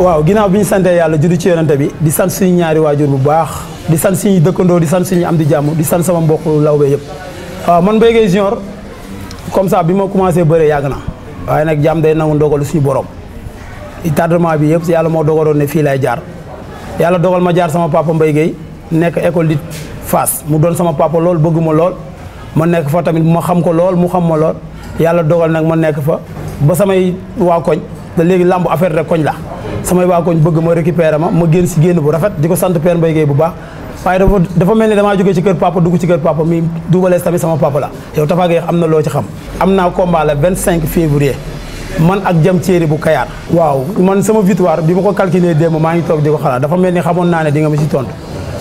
waaw ginnaaw bi ñu santee yàlla juddu ci yonante bi di sant suñu ñaari waajur bu baax di sant suñu dëkkandoo di san suñu am di jàmm di sant sama mbokk lawbe yëpp waaw man Mbaye Gueye Junior comme sax bi ma commencé bëree yàgg na waaye nag jàmm day nangu ndogalu suñu borom tardement bi yëpp yàlla moo dogaloon ne fii lay jaar yàlla dogal ma jaar sama papa Mbaye Gueye nekk école di Fass mu doon sama papa lool bëgg ma lool ma nekk fa tamit ma xam ko lool mu xam ma lool yàlla dogal nag ma nekk fa ba samay waa koñ te léegi làmb affaire rek koñ la sama waa koñ bëgg ma récupéré ma ma génn si génn bu rafet di ko sant Père Mbaye Gueye bu baax waaye dafa dafa mel ni damaa jógee ci kër papa dugg ci kër papa mi duubalees tamit sama papa la yow Tapha Gueye am na loo ci xam am naa combat le man ak jam céeri bu kayaar waaw man sama victoire bi ma ko calculé démb maa ngi toog di ko xalaat dafa mel ni xamoon naa ne di nga ma si tontu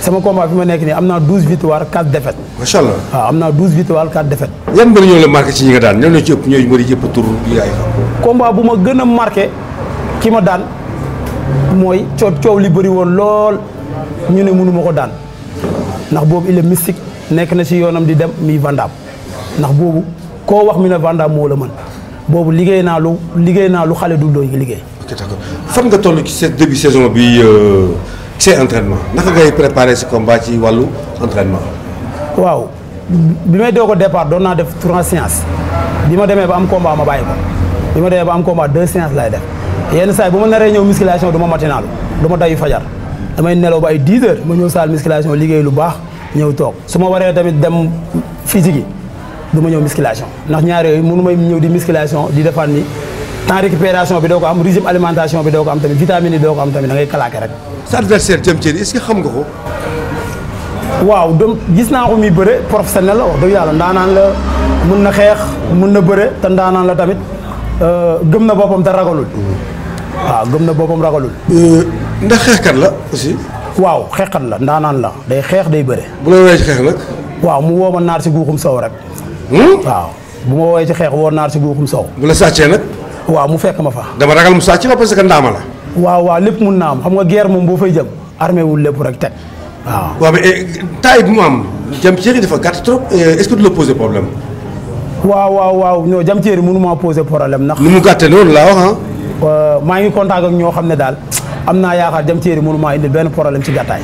sama combat fi ma nekk nii am naa 12 victoire 4 défaites. ma gën a marqué ki ma mooy coo coow li bëri woon lool ñu ne mënuma ko daan ndax boobu il est nekk na si yoonam di dem mi Vandaam ndax boobu koo wax mi ne Vandaam moo la mën boobu liggéey naa lu liggéey naa lu xale du dooy liggéey. ok fan nga toll ci seen début saison bi euh, ci entraînement naka ngay préparer ci combat ci wàllu entraînement. waaw bi may doo ko départ doon naa def trois séances bi ma demee ba am combat ma bàyyi ko bi ma demee ba am combat deux séances lay yenn saa yi bu ma naree ñëw musculation du ma matinaalu du ma dayu fajar damay nelaw ba ay 10 heures ma ñëw salle musculation liggéey lu baax ñëw toog su ma waree tamit dem physique yi du ñëw musculation ndax ñaar yooyu mënu may ñëw di musculation di defaan ni temps récupération bi doo ko am régime alimentation bi doo ko am tamit vitamine yi doo ko am tamit da ngay claqué rek. sa adversaire Diam Terry est-ce que xam nga ko. waaw donc gis naa ko muy bëre professionnel la wax dëgg yàlla ndaanaan la mun na xeex mun na bëre te ndaanaan la tamit. Euh, gëm na boppam te ragalul. Mm. waaw gëm na boppam ragalul. Euh, ndax xeexkat la aussi. waaw xeexkat la ndaanaan la day xeex day bëre. bu la woowee ci xeex nag. waaw mu woo ma naar si guuxum sow rek. Hmm? waaw bu ma woowee ci xeex woo naar si guuxum saw bu la sàccee nag. waaw mu fekk ma fa. dama ragal mu sàcc la parce que ndaama la. waaw waaw lépp mun naa am xam nga guerre moom boo fay jëm. armé lépp rek teg waaw. waaw mais eh, taay bu mu am. jëm ci dafa gàtt trop euh, est-ce du la poser waaw waaw waaw non jam ceeri mënu maa posé problème ndax. nu mu gàtte loolu laa wax ah. Euh, maa ngi contact ak ñoo xam ne daal am naa yaakaar jam ceeri mënu maa indi benn problème ci gàttaay.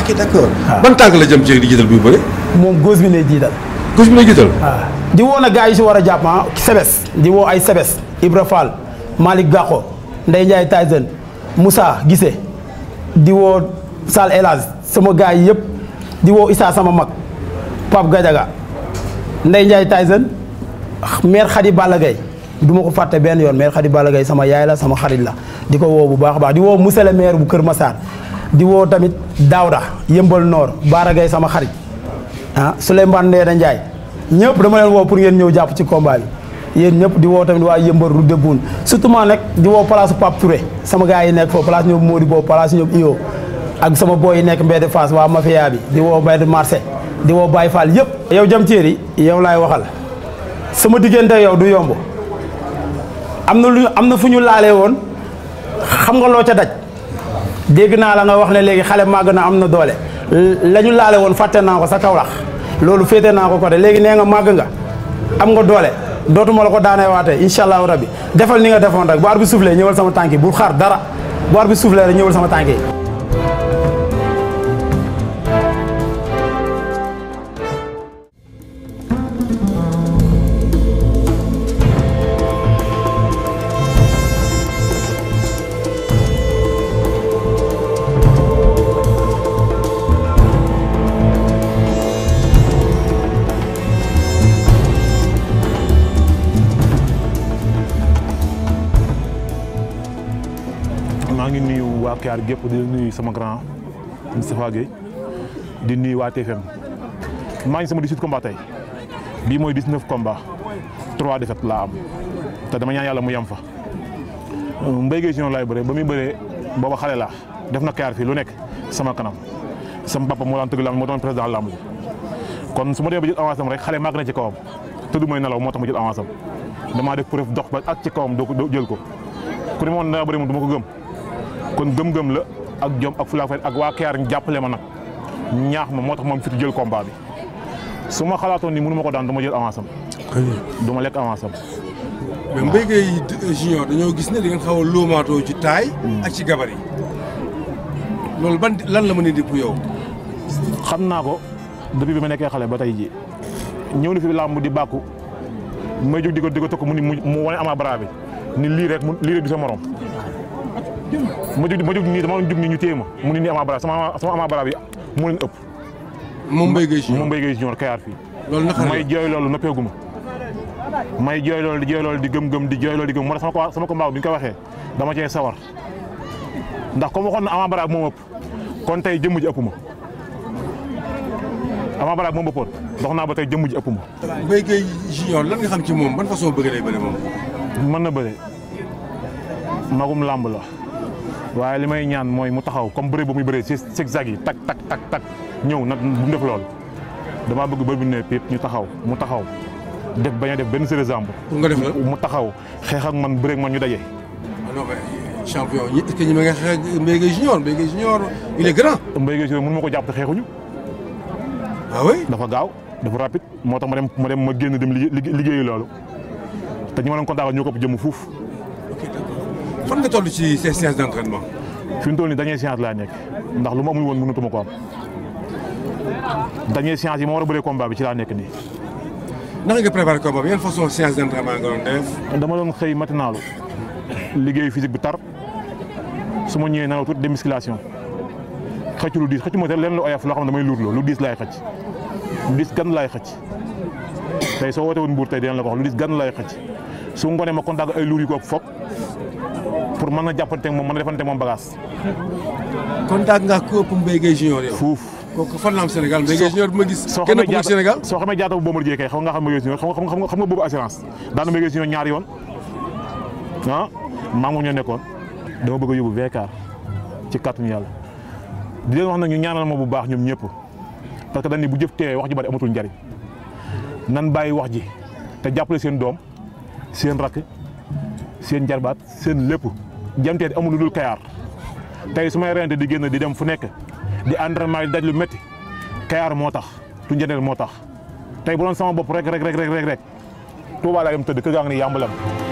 ok d'accord ah. ban tànk la jam ceeri di jiital bu bëri. moom gos bi lay jiital. gauche bi lay jiital. waaw ah. di woo na gars yi si war a jàpp ah sebes di woo ay sebes Ibra Fall Malick Gakho Ndeye Ndiaye Tyson Moussa Gissé di woo Sall Elage sama gars yi yëpp di woo Issa sama mag Pape Gadiaga Ndeye Ndiaye Tyson. mère Khady Balla Gaye du ma ko fàtte benn yoon mère Khady Balla gay sama yaay la sama xarit la di ko woo bu baax a baax di woo monsieur le maire bu Kër masaan di woo tamit Daouda Yëmbal Noor baaragay sama xarit ah Souleymane Ndéna Ndiaye ñëpp dama leen woo pour ngeen ñëw jàpp ci combat bi yéen ñëpp di woo tamit waa Yëmbal Route de Boune surtout nag di woo place Pape Touré sama gars yi nekk foofu place ñoom Mody boobu place ñoom Io ak sama boy yi nekk mbedd Fass waa mafia bi di woo mbedd marché di woo Baye Fall yëpp yow jam téer yow laay waxal sama diggante yow du yomb am na lu am na fu ñu laalee woon xam nga loo ca daj dégg naa la nga wax ne léegi xale màgg na am na doole la ñu laale woon fàtte naa ko sa kawlax loolu féete naa ko ko de léegi nee nga màgg nga am nga doole dootuma la ko daanee waatee incha allahu rabbi defal ni nga defoon rek bu ar bi suuflee ñëwal sama tànk bu xaar dara bu ar bi suuflee rek ñëwal sama tànk yi Mbackiar gépp di nuyu sama grand Moustapha di nuyu waa maa ngi sama 18 combat tey bii mooy 19 combat 3 défaites laa am te dama ñaan yàlla mu yem fa. Mbaye Gueye Junior laay bëree ba muy bëree booba xale laa def na kaar fii lu nekk sama kanam sama papa moo daan tëgg lamb moo doon président lamb ji kon su ma demee ba jël avance am ci kawam te du may moo tax ma jël avance am damaa def preuve dox ba ak ci kawam doo ko jël ko ku ne ma woon dama bëri moom ko gëm. kon gëm-gëm la ak jom ak fulaak ak waa Kayar ñu jàppale ma nag ñaax ma moo tax moom fi jël combat bi su ma xalaatoon ni mënu ma ko daan du ma jël avance am. du ma lekk avance am. mais Mbaye Gueye junior dañoo gis ne di ngeen ci taay. Hmm. ci gabar yi. loolu la mën a di yow. xam naa ko depuis bi ma nekkee xale ba tey ji ñëw na fi làmb di bàkku may jóg di ko di ko mu ni mu wane ama bara bi ni lii rek lii rek du sa morom. ma jug ma jug nii dama jug nii ñu téye ma mu ne nii Ama Baldé sama sama Ama Baldé bi moo leen ëpp. moom Mbaye Guèye Junior moom Mbaye may jooy loolu noppeegu ma. di jooy di gëm-gëm di jooy sama sama combat bi ko waxee dama cee sawar ndax na Ama Baldé moom ëpp kon tey jëmm ji ëpp ma. Ama naa ba tey jëmm ji ëpp ma. Mbaye Guèye Junior nga xam ci moom ban façon bëgg lay bëri moom. mën na bëri magum làmb la. waaye li may ñaan mooy mu taxaw comme bëre bu muy bëree si zigzag yi tak tak tak tak ñëw nag bu mu def lool damaa bëgg ba bu ne yëpp ñu taxaw mu taxaw def bañ a def benn série exemple nga def mu taxaw xeex man bëre ak man ñu daje. Ah champion ñi est-ce que ñi ma nga xeex Mbaye Guèye Junior ma ko jàpp te xeexuñu. Ah dafa gaaw dafa rapide moo tax ma dem ma dem ma génn dem liggéeyi loolu te ñi ma doon kontaan ñoo ko ëpp jëmm fuuf. ok d'accord fan nga toll ci ces séances d'entraînement. fi mu toll nii dernière séance laa nekk ndax lu ma amul woon mënatuma ko am dernière séance yi ma war a bëree combat bi ci laa nekk nii. bi yan façon séance d'entraînement nga doon def. dama doon xëy matinalu liggéey physique bu tar su ma ñëwee nelaw tuuti démusculation xëccu lu diis xëccu ma te leen lu oyof loo xam ne damay luurloo lu diis laay xëcc lu diis gan laay xëcc tey soo wootee woon mbuur tey dinañ la ko wax lu diis gan laay xëcc su ngoonee ma contact ay luur yu pour mën a jàppanteeg moom mën a defanteeg moom bagage. contact nga ko ëpp Mbaye Guèye Junior yow. fuuf kooku fan la am Sénégal Mbaye soo xamee jaata boobu Bombardier kay xam nga xam nga xam nga boobu assurance daan na Mbaye Junior ñaari yoon ah maa ñoo nekkoon dama bëgg a yóbbu ci kàttanu yàlla di leen wax nag ñu ñaanal ma bu baax ñoom ñëpp parce que dañ ne bu jëf teewee wax ji bari amatul njariñ nan bàyyi wax ji te jàppale seen doom seen rakk seen jarbaat seen lépp jamteet amul lu dul kayaar tey su may rente di génn di dem fu nekk di entraînement di daj lu métti kayaar moo tax Tunjandeer moo tax tey bu sama bopp rek rek rek rek rek Tuubaa laa dem tëdd kër gaa ngi ni yàmbalam